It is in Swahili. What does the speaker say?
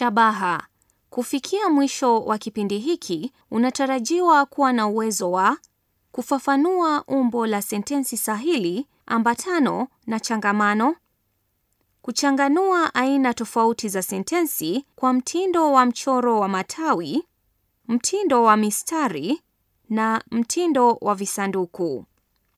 Shabaha: kufikia mwisho wa kipindi hiki, unatarajiwa kuwa na uwezo wa: kufafanua umbo la sentensi sahili, ambatano na changamano; kuchanganua aina tofauti za sentensi kwa mtindo wa mchoro wa matawi, mtindo wa mistari na mtindo wa visanduku.